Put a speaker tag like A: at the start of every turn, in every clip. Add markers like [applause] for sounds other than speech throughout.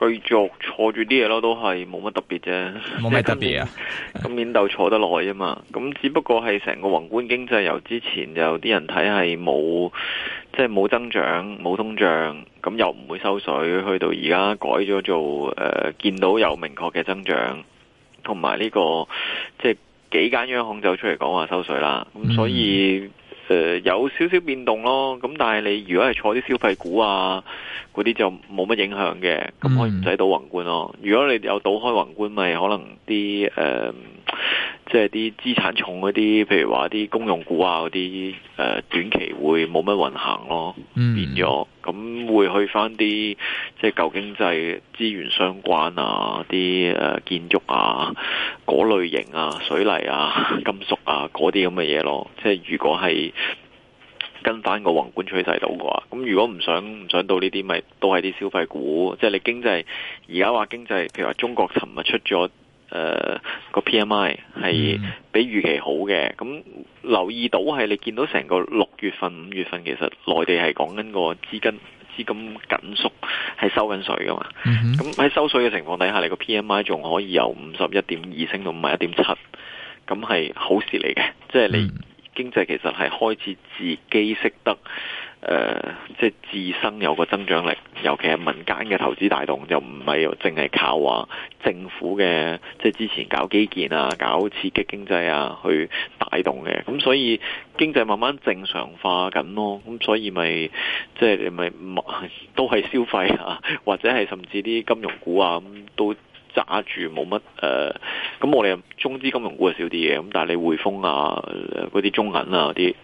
A: 繼續坐住啲嘢咯，都係冇乜特別啫，冇咩特別啊。咁悶都坐得耐啊嘛，咁 [laughs] 只不過係成個宏觀經濟由之前有啲人睇係冇即係冇增長冇通脹，咁又唔會收水，去到而家改咗做誒、呃，見到有明確嘅增長，同埋呢個即係、就是、幾間央行就出嚟講話收水啦。咁、嗯、所以。誒、uh, 有少少變動咯，咁但係你如果係坐啲消費股啊嗰啲，就冇乜影響嘅，咁、嗯、可以唔使倒宏觀咯。如果你有倒開宏觀，咪可能啲誒。呃即係啲資產重嗰啲，譬如話啲公用股啊嗰啲，誒、呃、短期會冇乜運行咯，變咗。咁會去翻啲即係舊經濟資源相關啊，啲誒、呃、建築啊，嗰類型啊，水泥啊、金屬啊嗰啲咁嘅嘢咯。即係如果係跟翻個宏觀趨勢到嘅話，咁如果唔想唔想到呢啲，咪、就是、都係啲消費股。即係你經濟而家話經濟，譬如話中國尋日出咗。誒個 PMI 係比預期好嘅，咁留意到係你見到成個六月份、五月份其實內地係講緊個資金資金緊縮係收緊水㗎嘛，咁喺、mm hmm. 收水嘅情況底下，你個 PMI 仲可以由五十一點二升到五十一點七，咁係好事嚟嘅，即、就、係、是、你經濟其實係開始自己識得。誒、呃，即係自身有個增長力，尤其係民間嘅投資帶動，就唔係淨係靠話政府嘅，即係之前搞基建啊、搞刺激經濟啊，去帶動嘅。咁所以經濟慢慢正常化緊咯，咁所以咪即係咪都係消費啊，或者係甚至啲金融股啊，咁都揸住冇乜誒。咁、呃、我哋中資金融股係少啲嘅，咁但係你匯豐啊、嗰啲中銀啊嗰啲。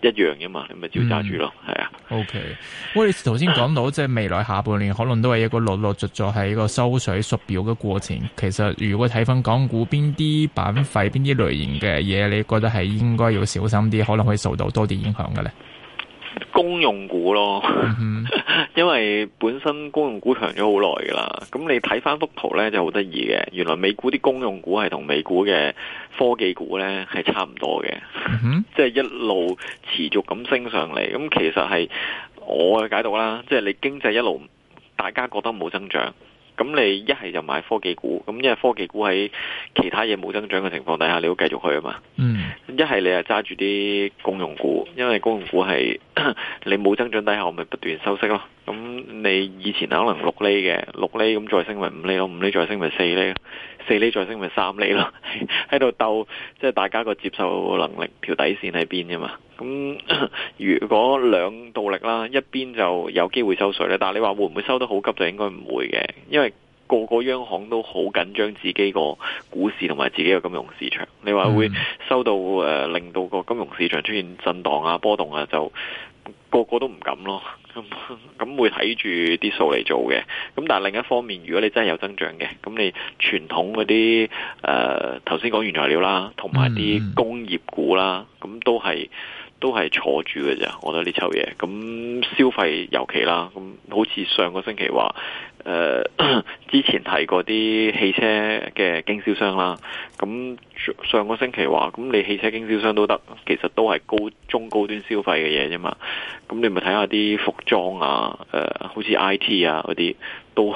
A: 一樣嘅嘛，你咪
B: 照揸住咯，係 [noise] 啊。O K，我哋頭先講到 [laughs] 即係未來下半年可能都係一個陸陸續續係一個收水縮表嘅過程。其實如果睇翻港股邊啲板塊、邊啲類型嘅嘢，你覺得係應該要小心啲，可能會受到多啲影響嘅咧？
A: 公用股咯， [laughs] 因為本身公用股強咗好耐噶啦，咁你睇翻幅圖咧就好得意嘅，原來美股啲公用股係同美股嘅科技股咧係差唔多嘅，即係 [laughs] 一路持續咁升上嚟。咁其實係我嘅解讀啦，即係你經濟一路大家覺得冇增長，咁你一係就買科技股，咁因為科技股喺其他嘢冇增長嘅情況底下，你都繼續去啊嘛。 [laughs] 一係你啊揸住啲公用股，因為公用股係 [coughs] 你冇增長底下，我咪不斷收息咯。咁你以前可能六厘嘅，六厘咁再升咪五厘咯，五厘再升咪四厘，四厘再升咪三厘咯。喺 [laughs] 度鬥，即係大家個接受能力條底線喺邊啫嘛。咁 [coughs] 如果兩道力啦，一邊就有機會收稅咧。但係你話會唔會收得好急就應該唔會嘅，因為。個個央行都好緊張自己個股市同埋自己個金融市場，你話會收到誒、呃、令到個金融市場出現震盪啊波動啊，就個個都唔敢咯，咁、嗯、會睇住啲數嚟做嘅。咁但係另一方面，如果你真係有增長嘅，咁你傳統嗰啲誒頭先講原材料啦，同埋啲工業股啦，咁都係。都係坐住嘅啫，我覺得呢抽嘢。咁消費尤其啦，咁好似上個星期話，誒、呃、之前提過啲汽車嘅經銷商啦。咁上個星期話，咁你汽車經銷商都得，其實都係高中高端消費嘅嘢啫嘛。咁你咪睇下啲服裝啊，誒、呃，好似 IT 啊嗰啲。都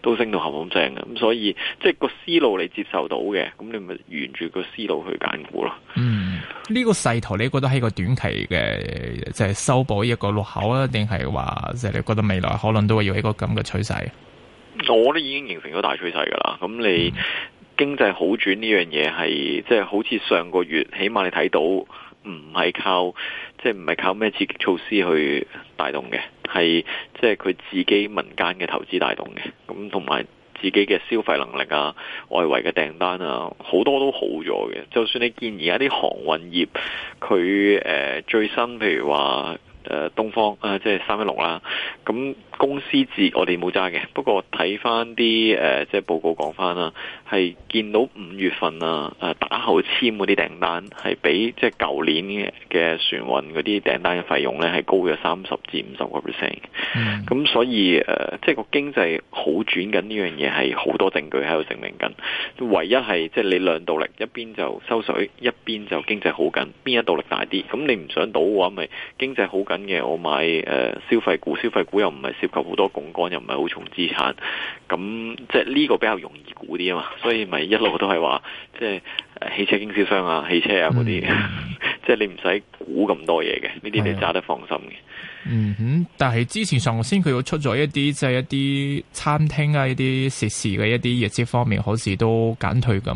A: 都升到合房正嘅，咁所以即係、就是、個思路你接受到嘅，咁你咪沿住個思路去揀股咯。嗯、
B: 呢、這個勢頭你覺得係個短期嘅，即、就、係、是、修補一個落口啊，定係話即係你覺得未來可能都會有一個咁嘅趨勢？
A: 我都已經形成咗大趨勢噶啦。咁你經濟好轉呢樣嘢，係即係好似上個月，起碼你睇到。唔係靠，即係唔係靠咩刺激措施去帶動嘅，係即係佢自己民間嘅投資帶動嘅，咁同埋自己嘅消費能力啊、外圍嘅訂單啊，好多都好咗嘅。就算你見而家啲航運業，佢誒、呃、最新，譬如話。誒，東方啊，即係三一六啦。咁公司節我哋冇揸嘅，不過睇翻啲誒，即、啊、係、就是、報告講翻啦，係見到五月份啊，誒、啊、打後簽嗰啲訂單係比即係舊年嘅船運嗰啲訂單嘅費用咧係高咗三十至五十個 percent。咁、mm hmm. 所以誒，即係個經濟好轉緊呢樣嘢係好多證據喺度證明緊。唯一係即係你兩度力一邊就收水，一邊就經濟好緊，邊一度力大啲？咁你唔想倒嘅話，咪經濟好緊嘅我買誒、呃、消費股，消費股又唔係涉及好多槓桿，又唔係好重資產，咁即係呢個比較容易估啲啊嘛，所以咪一路都係話即係、啊、汽車經銷商啊、汽車啊嗰啲，嗯、 [laughs] 即係你唔使估咁多嘢嘅，呢啲你揸得放心嘅。嗯
B: 哼，但係之前上先佢有出咗一啲即係一啲餐廳啊、一啲食肆嘅一啲業績方面，好似都減退咁。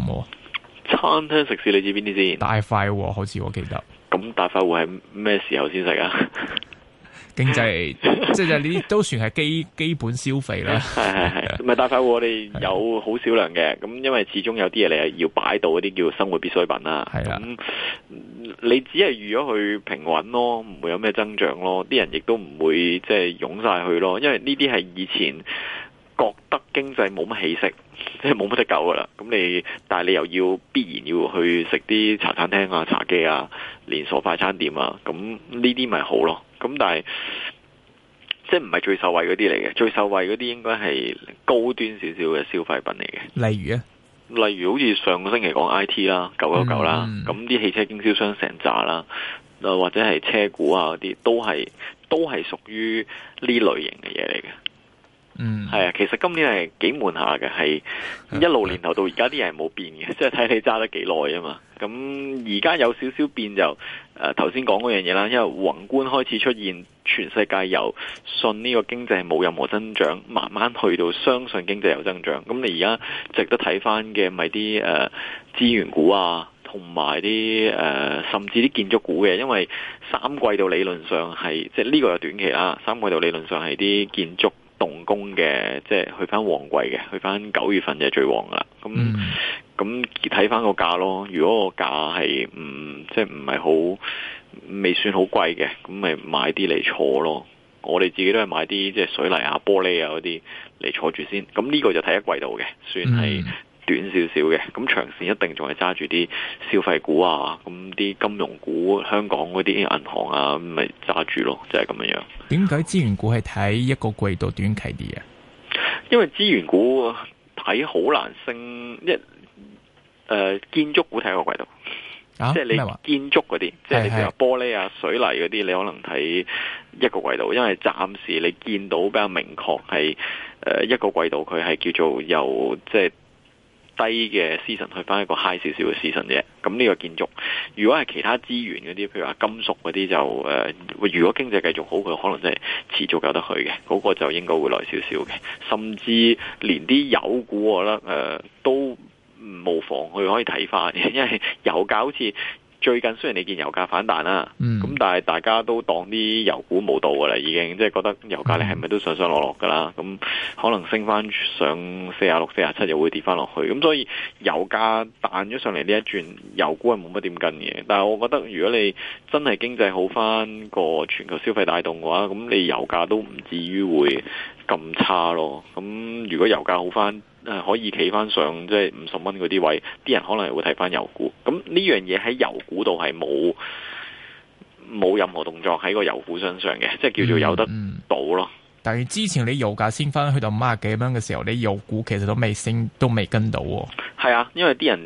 A: 餐廳食肆你知邊啲先？
B: 大塊好似我記得。
A: 咁大快活係咩時候先食啊？經濟即
B: 係呢都算係基 [laughs] 基本消費啦。係
A: 係係，唔係大快活，我哋有好少量嘅。咁的因為始終有啲嘢你係要擺到嗰啲叫生活必需品啦。係啊的，咁你只係預咗去平穩咯，唔會有咩增長咯。啲人亦都唔會即係湧晒去咯。因為呢啲係以前覺得經濟冇乜起色，即係冇乜得救噶啦。咁你但係你又要必然要去食啲茶餐廳啊、茶記啊。連鎖快餐店啊，咁呢啲咪好咯，咁但係即係唔係最受惠嗰啲嚟嘅，最受惠嗰啲應該係高端少少嘅消費品嚟嘅，例如啊，例如好似上個星期講 IT 啦，九九九啦，咁啲、嗯、汽車經銷商成扎啦，或者係車股啊嗰啲，都係都係屬於呢類型嘅嘢嚟嘅。嗯，係啊， [noise] [noise] 其實今年係幾悶下嘅，係一路年頭到而家啲嘢冇變嘅，即係睇你揸得幾耐啊嘛。咁而家有少少變就誒，頭先講嗰樣嘢啦，因為宏觀開始出現，全世界由信呢個經濟係冇任何增長，慢慢去到相信經濟有增長。咁你而家值得睇翻嘅咪啲誒資源股啊，同埋啲誒甚至啲建築股嘅，因為三季度理論上係即係呢個有短期啦，三季度理論上係啲建築。動工嘅，即係去翻旺季嘅，去翻九月份就係最旺噶啦。咁咁睇翻個價咯，如果個價係唔即係唔係好，未算好貴嘅，咁咪買啲嚟坐咯。我哋自己都係買啲即係水泥啊、玻璃啊嗰啲嚟坐住先。咁呢個就睇一季度嘅，算係。嗯短少少嘅，咁長線一定仲係揸住啲消費股啊，咁啲金融股，香港嗰啲銀行啊，咪揸住咯，就係、是、咁樣。
B: 點解資源股係睇一個季度短期啲啊？
A: 因為資源、呃、股睇好難升，一誒建築股睇一個季度、
B: 啊、即係你
A: 建築嗰啲，啊、即係你譬如是玻璃啊、水泥嗰啲，你可能睇一個季度，因為暫時你見到比較明確係誒一個季度，佢係叫做有即係。即低嘅 season 去翻一個 high 少少嘅 season 啫，咁呢個建築如果係其他資源嗰啲，譬如話金屬嗰啲就誒、呃，如果經濟繼續好，佢可能真係遲早有得去嘅，嗰、那個就應該會耐少少嘅，甚至連啲油股我覺得誒、呃、都無妨，佢可以睇翻，因為油價好似。最近雖然你見油價反彈啦，咁、嗯、但係大家都當啲油股冇到嘅啦，已經即係覺得油價你係咪都上上落落嘅啦？咁可能升翻上四啊六、四啊七又會跌翻落去。咁所以油價彈咗上嚟呢一轉，油股係冇乜點跟嘅。但係我覺得如果你真係經濟好翻個全球消費帶動嘅話，咁你油價都唔至於會咁差咯，咁如果油價好翻，誒可以企翻上即係五十蚊嗰啲位，啲人可能又會睇翻油股。咁呢樣嘢喺油股度係冇冇任何動作喺個油股身上嘅，即係叫做有得賭咯。
B: 但係之前你油價先翻去到五啊幾蚊嘅時候，你油股其實都未升，都未跟到喎。
A: 係啊，因為啲人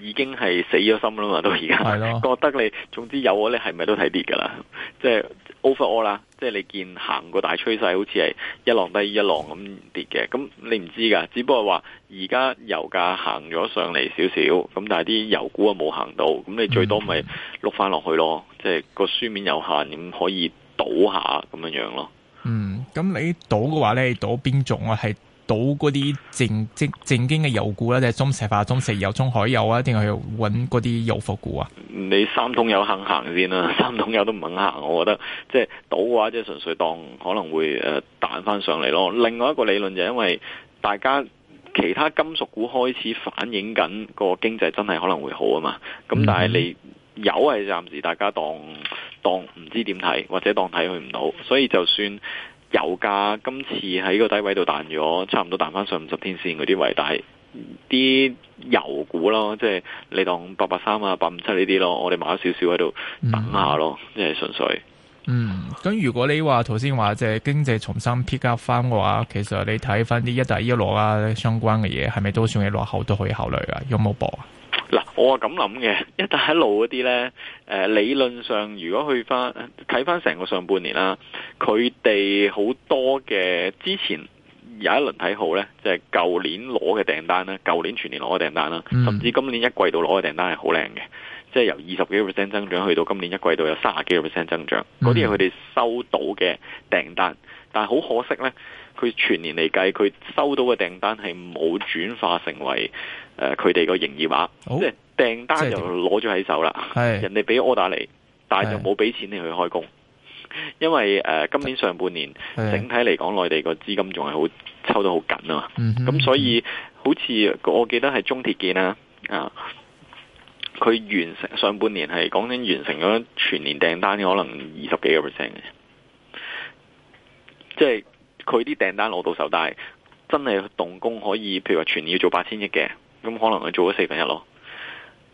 A: 已經係死咗心啦嘛，到而家覺得你總之有啊，你係咪都睇跌噶啦，即係。over all 啦，即係你見行個大趨勢好似係一浪低一浪咁跌嘅，咁你唔知噶，只不過話而家油價行咗上嚟少少，咁但係啲油股又冇行到，咁你最多咪碌翻落去咯，嗯、即係個書面有限咁可以賭下咁樣樣咯。嗯，
B: 咁你賭嘅話咧，你賭邊種啊？係？賭嗰啲正正正經嘅油股咧，即係中石化、中石油、中海油，油行行啊，定係去搵嗰啲油服股啊？
A: 你三桶油肯行先啦，三桶油都唔肯行，我覺得即係賭嘅話，即係純粹當可能會誒彈翻上嚟咯。另外一個理論就係因為大家其他金屬股開始反映緊個經濟真係可能會好啊嘛，咁但係你、嗯嗯、油係暫時大家當當唔知點睇，或者當睇佢唔到，所以就算。油價今次喺個低位度彈咗，差唔多彈翻上五十天線嗰啲位，但係啲油股咯，即係你當八八三啊、八五七呢啲咯，我哋買咗少少喺度等下咯，即係純粹。嗯，咁
B: 純粹、嗯、如果你話頭先話即係經濟重新 pick up 翻嘅話，其實你睇翻啲一帶一路啊相關嘅嘢，係咪都算係落後都可以考慮噶？有冇搏啊？
A: 嗱，我係咁諗嘅，一帶一路嗰啲咧，誒、呃、理論上，如果去翻睇翻成個上半年啦，佢哋好多嘅之前有一輪睇好咧，即係舊年攞嘅訂單啦，舊年全年攞嘅訂單啦，甚至今年一季度攞嘅訂單係好靚嘅，即係由二十幾個 percent 增長去到今年一季度有三十幾個 percent 增長，嗰啲係佢哋收到嘅訂單，但係好可惜咧。佢全年嚟計，佢收到嘅訂單係冇轉化成為誒佢哋個營業額。哦、即係訂單就攞咗喺手啦。係的人哋俾 order 你，但係的就冇俾錢你去開工，因為誒、呃、今年上半年的整體嚟講，內地個資金仲係好抽得好緊啊嘛。咁、嗯、哼所以好似我記得係中鐵建啊，啊，佢完成上半年係講緊完成咗全年訂單可能二十幾個 percent 嘅，即係。佢啲訂單攞到手，但係真係動工可以，譬如話全年要做八千億嘅，咁可能佢做咗四分一咯。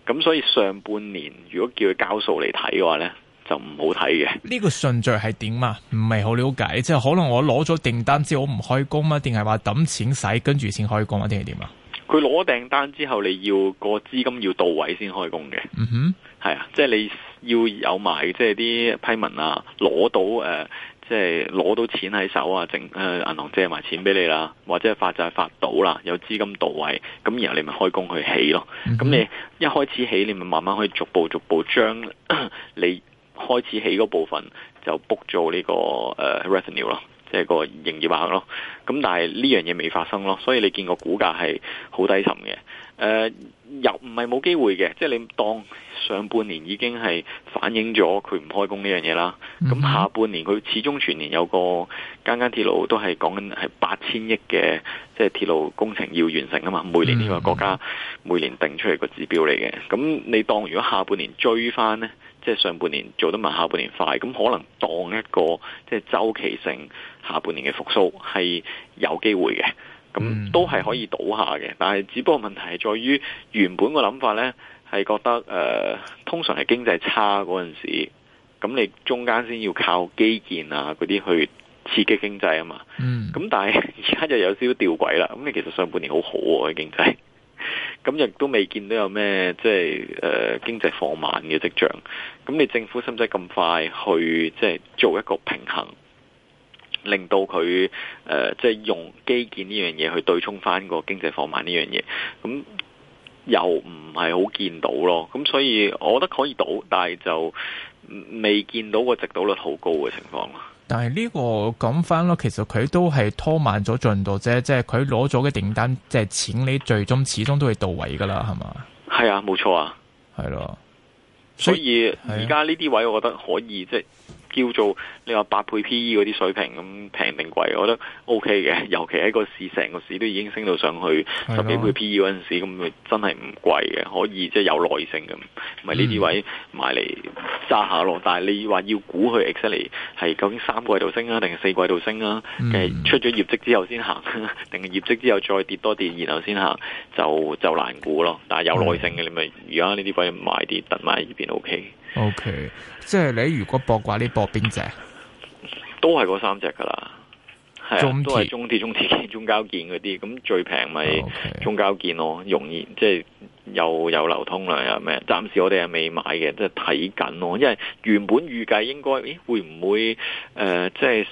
A: 咁所以上半年如果叫佢交數嚟睇嘅話呢，就唔好睇嘅。
B: 呢個順序係點啊？唔係好了解，即係可能我攞咗訂單之後我唔開工啊，定係話抌錢使跟住先開工啊？定係點啊？
A: 佢攞訂單之後，你要個資金要到位先開工嘅。嗯
B: 哼，
A: 係啊，即係你要有埋即係啲批文啊，攞到誒。呃即係攞到錢喺手啊，淨誒銀行借埋錢俾你啦，或者發債發到啦，有資金到位，咁然後你咪開工去起咯。咁、嗯、你一開始起，你咪慢慢可以逐步逐步將 [coughs] 你開始起嗰部分就 book 做呢、這個誒、uh, revenue 咯。即係個營業額咯，咁但係呢樣嘢未發生咯，所以你見個股價係好低沉嘅。誒、呃、又唔係冇機會嘅，即係你當上半年已經係反映咗佢唔開工呢樣嘢啦。咁、mm hmm. 下半年佢始終全年有個間間鐵路都係講緊係八千億嘅，即係鐵路工程要完成啊嘛。每年呢個國家、mm hmm. 每年定出嚟個指標嚟嘅，咁你當如果下半年追翻呢？即係上半年做得慢，下半年快，咁可能當一個即係周期性下半年嘅復甦係有機會嘅，咁都係可以賭下嘅。但係只不過問題係在於原本個諗法呢，係覺得誒、呃，通常係經濟差嗰陣時，咁你中間先要靠基建啊嗰啲去刺激經濟啊嘛。咁、嗯、但係而家就有少少吊詭啦。咁你其實上半年好好、啊、嘅經濟。咁亦都未見到有咩即係誒經濟放慢嘅跡象，咁你政府使唔使咁快去即係做一個平衡，令到佢誒、呃、即係用基建呢樣嘢去對沖返個經濟放慢呢樣嘢？咁又唔係好見到咯，咁所以我覺得可以賭，但係就未見到個值博率好高嘅情況咯。
B: 但係呢、這個講翻咯，其實佢都係拖慢咗進度啫，即係佢攞咗嘅訂單，即係錢，你最終始終都會到位噶啦，係嘛？
A: 係啊，冇錯啊，係咯、啊，所以而家呢啲位，我覺得可以即係。就是叫做你話八倍 P E 嗰啲水平咁平定貴？我覺得 O K 嘅。尤其喺個市成個市都已經升到上去十幾倍 P E 嗰陣時，咁咪真係唔貴嘅，對的 可以即係、就是、有耐性咁，咪呢啲位買嚟揸下咯。但係你話要估佢 exactly 係究竟三個季度升啊，定係四季度升啊？係言 parfois、嗯、出咗業績之後先行，定係業績之後再跌多啲，然後先行就就難估咯。但係有耐性嘅你咪而家呢啲位買跌，特買入邊 O K。sided
B: OK，即係你如果博嘅話，你博邊隻？
A: 都係嗰三隻噶啦，係中鐵啊，都係中鐵、中鐵建、中交建啲。咁最平咪中交建咯，Okay. 容易即係又有，有流通量又、啊、咩？暫時我哋係未買嘅，即係睇緊咯。因為原本預計應該，誒會唔會誒？即係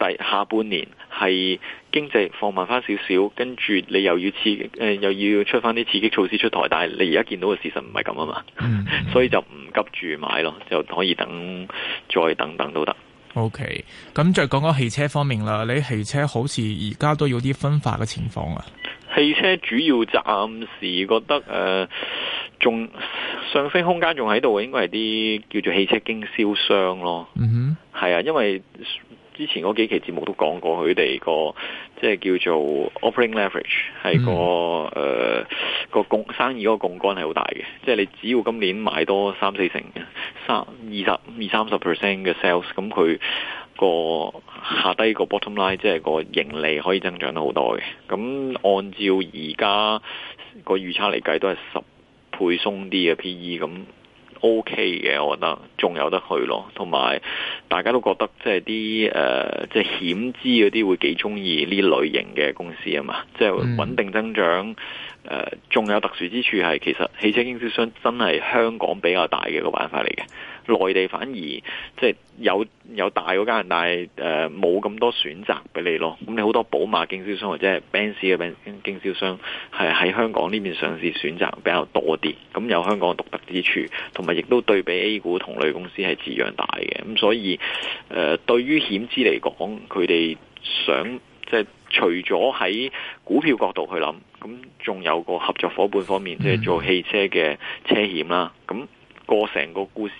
A: 第下半年。係經濟放慢翻少少，跟住你又要刺激、誒、呃，又要出翻啲刺激措施出台，但係你而家見到嘅事實唔係咁啊嘛，mm hmm. [laughs] 所以就唔急住買咯，就可以等再等
B: 等都得。O K，咁再講講汽車方面啦，你汽車好似而家都有啲分化嘅情況啊。
A: 汽車主要暫時覺得誒，仲、呃、上升空間仲喺度嘅，應該係啲叫做汽車經銷商咯。嗯哼、mm，係、hmm. 啊，因為。之前嗰幾期節目都講過，佢哋個即係叫做 operating leverage 係、那個誒個共生意嗰個槓桿係好大嘅。即係你只要今年買多三四成、三二十、二三十 percent 嘅 sales，咁佢、那個下低個 bottom line 即係個盈利可以增長得好多嘅。咁按照而家個預測嚟計，都係十倍鬆啲嘅 P/E 咁。O K 嘅，我覺得仲有得去咯，同埋大家都覺得即係啲誒即係險資嗰啲會幾中意呢類型嘅公司啊嘛，即係穩定增長，誒、呃、仲有特殊之處係其實汽車經銷商真係香港比較大嘅一個玩法嚟嘅。內地反而即係有有大嗰間，但係誒冇咁多選擇俾你咯。咁你好多寶馬經銷商或者係 Benz 嘅經銷商係喺香港呢邊上市選擇比較多啲，咁、嗯、有香港獨特之處，同埋亦都對比 A 股同類公司係字樣大嘅。咁、嗯、所以誒、呃，對於險資嚟講，佢哋想即係除咗喺股票角度去諗，咁、嗯、仲、嗯、有個合作伙伴方面，即係做汽車嘅車險啦，咁、嗯。嗯個成個故事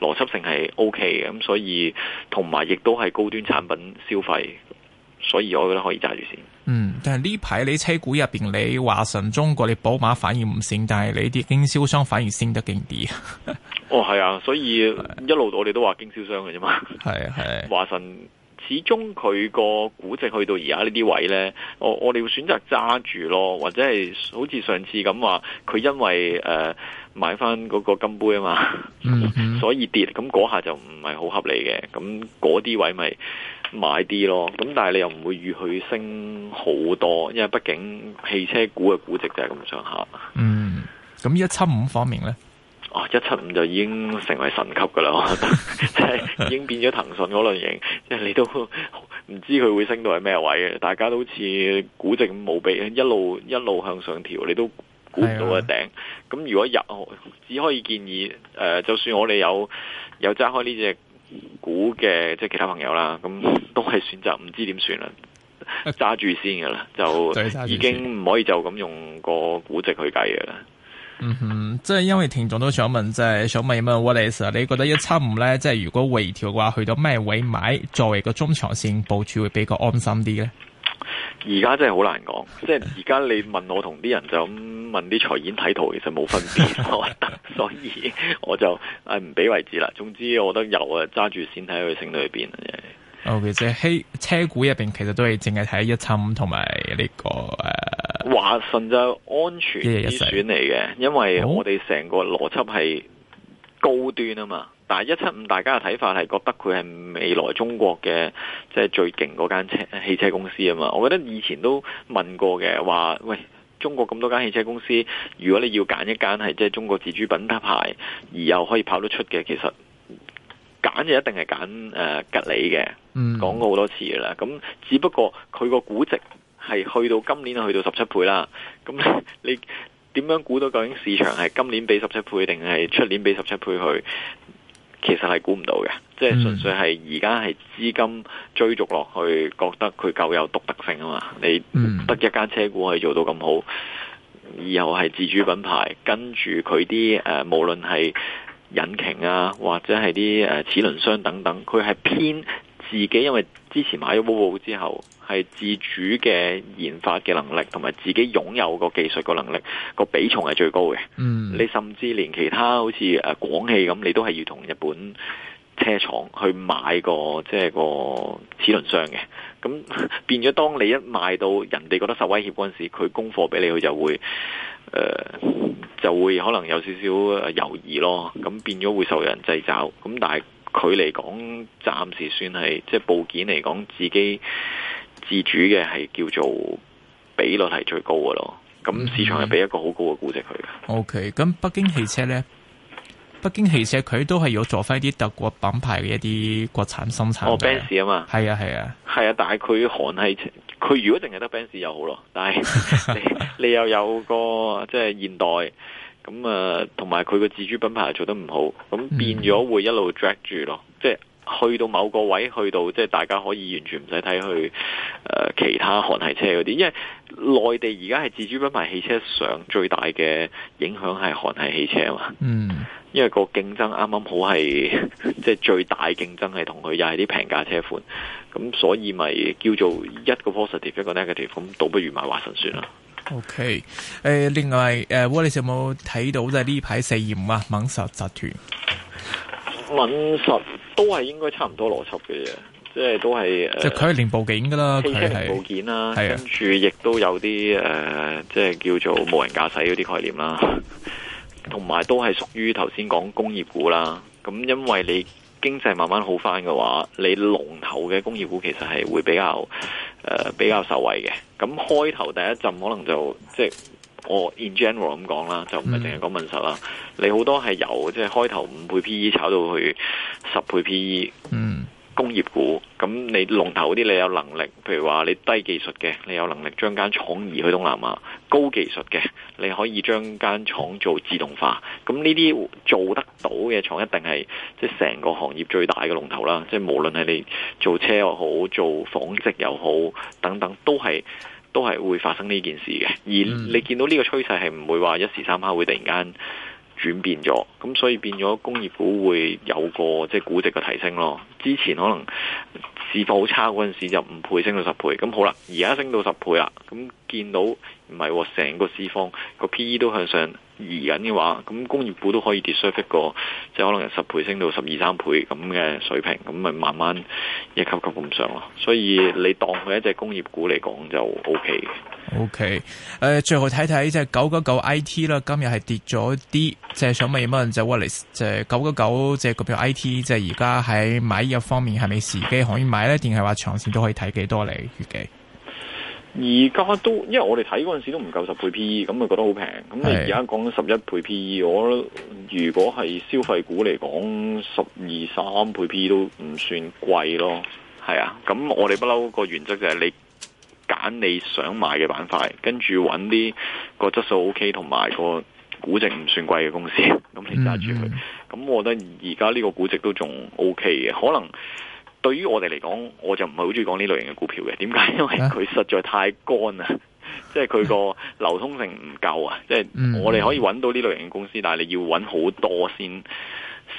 A: 邏輯性係 OK 嘅，咁所以同埋亦都係高端產品消費，所以我覺得可以揸住先。嗯，
B: 但係呢排你車股入邊，你華晨中國、你寶馬反而唔升，但係你啲經銷商反而升得勁啲。 [laughs] 哦，
A: 係啊，所以一路我哋都話經銷商嘅啫嘛。係 [laughs] 啊，係。華晨始終佢個估值去到而家呢啲位呢，我我哋會選擇揸住咯，或者係好似上次咁話，佢因為誒。呃買翻嗰個金杯啊嘛，嗯嗯、所以跌咁嗰下就唔係好合理嘅，咁嗰啲位咪買啲咯，咁但係你又唔會預佢升好多，因為畢竟汽車股嘅估值就係咁上下。嗯，
B: 咁一七五方面呢，哦，
A: 一七五就已經成為神級噶啦，我覺得 [laughs] [laughs] 已經變咗騰訊嗰類型，即係你都唔知佢會升到係咩位嘅，大家都好似估值咁冇比，一路一路,一路向上調，你都。估唔到一頂，咁如果入，只可以建議誒、呃，就算我哋有有揸開呢隻股嘅，即係其他朋友啦，咁都係選擇唔知點算啦，揸住先嘅啦，就已經唔可以就咁用個估值去計嘅啦。嗯
B: 哼，即係因為聽眾都想問，即係想問一問 What is, It? 你覺得一七五咧，即係如果回調嘅話，去到咩位買作為個中長線部署會比較安心啲咧？
A: 而家真係好難講，即係而家你問我同啲人就咁問啲財演睇圖，其實冇分別， [laughs] 我覺得，所以我就誒唔俾位置啦。總之，我覺得由誒揸住先睇佢升到去邊。
B: O、okay, K，即係車股入邊，其實都係淨係睇一參同埋呢個誒
A: 華順就安全之選嚟嘅，因為我哋成個邏輯係高端啊嘛。但係一七五，大家嘅睇法係覺得佢係未來中國嘅即係最勁嗰間車、汽車公司啊嘛！我覺得以前都問過嘅，話喂，中國咁多間汽車公司，如果你要揀一間係即係中國自主品牌，而又可以跑得出嘅，其實揀就一定係揀、呃、吉利嘅。
B: 嗯、講過
A: 好多次啦，咁只不過佢個估值係去到今年去到十七倍啦。咁你點樣估到究竟市場係今年畀十七倍，定係出年畀十七倍去？其實係估唔到嘅，即係純粹係而家係資金追逐落去，覺得佢夠有獨特性啊嘛！你得一間車股可以做到咁好，以後係自主品牌，跟住佢啲誒，無論係引擎啊，或者係啲誒齒輪箱等等，佢係偏。自己因為之前買咗寶 o 之後，係自主嘅研發嘅能力同埋自己擁有個技術個能力個比重係最高嘅。嗯，mm. 你甚至連其他好似誒廣汽咁，你都係要同日本車廠去買個即係、就是、個齒輪箱嘅。咁變咗，當你一賣到人哋覺得受威脅嗰陣時，佢供貨俾你，佢就會誒、呃、就會可能有少少猶豫咯。咁變咗會受人製造。咁但係。佢嚟講，暫時算係即係部件嚟講，自己自主嘅係叫做比率係最高嘅咯。咁市場係俾一個好高嘅估值佢
B: 嘅。OK，咁北京汽車咧，北京汽車佢都係有做翻啲德國品牌嘅一啲國產生產。哦，Benz 啊嘛，係啊係啊，
A: 係啊，啊，但係佢韓系，佢如果淨係得 Benz 又好咯，但係你 [laughs] 你又有個即係現代。咁啊，同埋佢個自主品牌做得唔好，咁變咗會一路 drag 住咯。即係去到某個位，去到即係大家可以完全唔使睇去誒、呃、其他韓系車嗰啲，因為內地而家係自主品牌汽車上最大嘅影響係韓系汽車啊嘛。嗯，因為個競爭啱啱好係即係最大競爭係同佢又係啲平價車款，咁所以咪叫做一個 positive 一個 negative，咁倒不如買華晨算啦。
B: O K，誒另外誒，我、呃、你有冇睇到就係呢排四二五啊？敏實集團，
A: 敏實都係應該差唔多邏輯嘅嘢，即、就、係、是、都係誒，佢係
B: 零部件噶啦，汽車零部件啦，是跟
A: 住亦都有啲誒，即、呃、係、就是、叫做無人駕駛嗰啲概念啦，同埋 [laughs] 都係屬於頭先講工業股啦。咁因為你。經濟慢慢好返嘅話，你龍頭嘅工業股其實係會比較誒、呃、比較受惠嘅。咁開頭第一陣可能就即係我 in general 咁講啦，就唔係淨係講事實啦。你好多係由即係開頭五倍 PE 炒到去十倍 PE。嗯。工業股，咁你龍頭啲你有能力，譬如話你低技術嘅，你有能力將間廠移去東南亞；高技術嘅，你可以將間廠做自動化。咁呢啲做得到嘅廠一定係即係成個行業最大嘅龍頭啦。即係無論係你做車又好，做紡織又好，等等，都係都係會發生呢件事嘅。而你見到呢個趨勢係唔會話一時三刻會突然間轉變咗，咁所以變咗工業股會有個即係、就是、估值嘅提升咯。之前可能市況差嗰陣時就五倍升到十倍，咁好啦，而家升到十倍啦，咁。見到唔係喎，成個市況個 P/E 都向上移緊嘅話，咁工業股都可以跌衰 fit 即係可能十倍升到十二三倍咁嘅水平，咁咪慢慢一級級咁上咯。所以你當佢一隻工業股嚟講就 O.K.，O.K.、
B: OK okay，誒、呃，最後睇睇即係九九九 I.T. 啦，今日係跌咗啲，即係想問一問，就 Wallace 即係九九九即係嗰票 I.T.，即係而家喺買入方面係咪時機可以買呢？定係話長線都可以睇幾多嚟預計？
A: 而家都，因為我哋睇嗰陣時都唔夠十倍 P E，咁咪覺得好平。咁你而家講十一倍 P E，我如果係消費股嚟講，十二三倍 P E 都唔算貴咯。係啊，咁我哋不嬲個原則就係你揀你想買嘅板塊，跟住揾啲個質素 O K 同埋個估值唔算貴嘅公司，咁你揸住佢。咁、mm hmm. 我覺得而家呢個估值都仲 O K 嘅，可能。對於我哋嚟講，我就唔係好中意講呢類型嘅股票嘅，點解？因為佢實在太乾啦，啊、即係佢個流通性唔夠啊！即係我哋可以揾到呢類型嘅公司，但係你要揾好多先，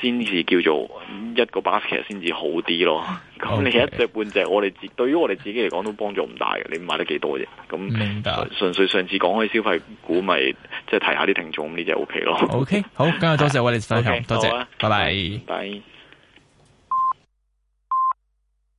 A: 先至叫做一個 basket 先至好啲咯。咁 Okay. 你一隻半隻，我哋自對於我哋自己嚟講都幫助唔大嘅，你買得幾多啫？咁純粹上次講開消費股，咪即係提下啲聽眾，呢隻 O K 咯。OK，
B: 好，今日多謝我哋分享，多謝，拜拜，拜。